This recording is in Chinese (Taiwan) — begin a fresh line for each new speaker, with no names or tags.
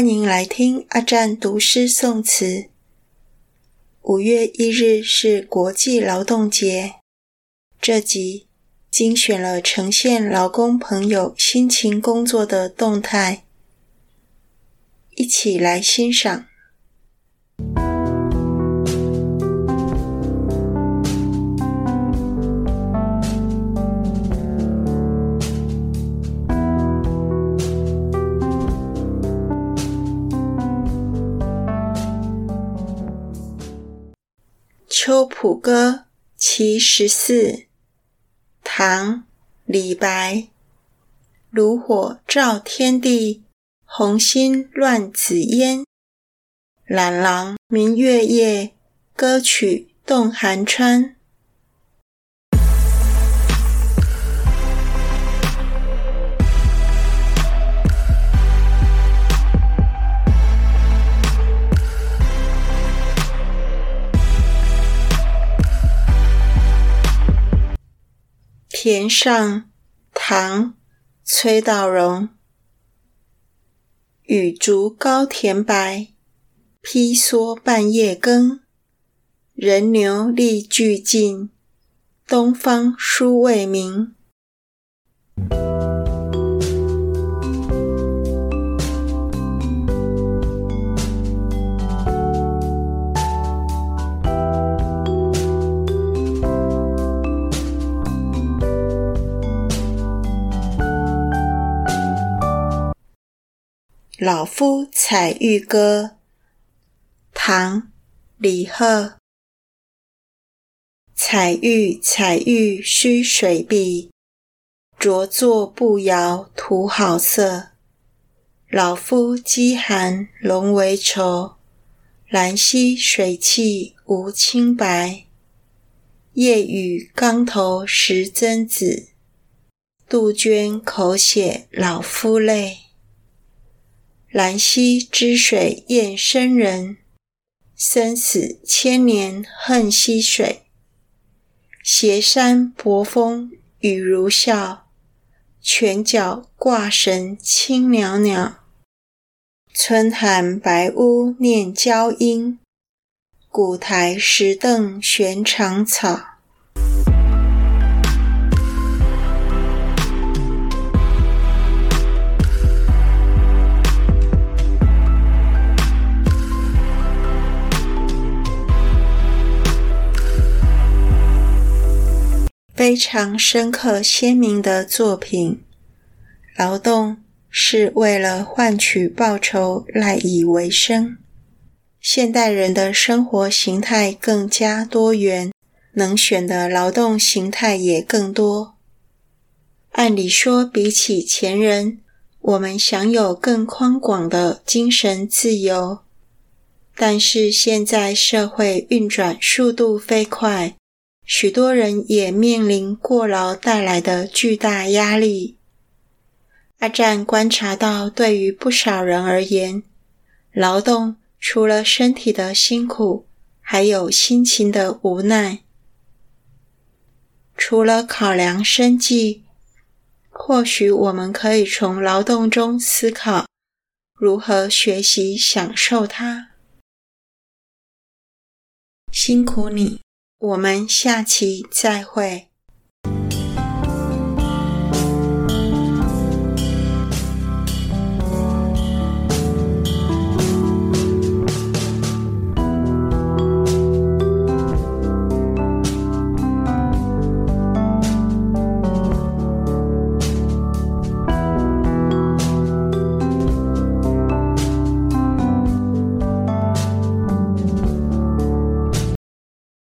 歡迎來聽阿占讀詩誦詞。五月一日是國際勞動節，這集精選了呈現勞工朋友辛勤工作的動態，一起來欣賞。《秋浦歌·其十四》唐·李白，爐火照天地，紅星亂紫煙。赧郎明月夜，歌曲動寒川。田上，唐，崔道融。雨足高田白，披蓑半夜耕。人牛力俱盡，東方殊未明。老夫采玉歌，唐·李賀。采玉采玉須水碧，琢作步搖徒好色。老夫飢寒龍為愁，藍溪水氣無清白。夜雨岡頭食蓁子，杜鵑口血老夫淚。藍溪之水厭生人，身死千年恨溪水。斜山柏風雨如嘯，泉腳掛繩青裊裊。村寒白屋念嬌嬰，古台石磴懸腸草。非常深刻鮮明的作品。勞動是為了換取報酬，賴以為生。現代人的生活形態更加多元，能選的勞動形態也更多。按理說，比起前人，我們享有更寬廣的精神自由。但是，現在社會運轉速度飛快。許多人也面臨過勞帶來的巨大壓力。阿占觀察到，對於不少人而言，勞動除了身體的辛苦，還有心情的無奈。除了考量生計，或許我們可以從勞動中思考，如何學習享受它。辛苦你。我們下期再會。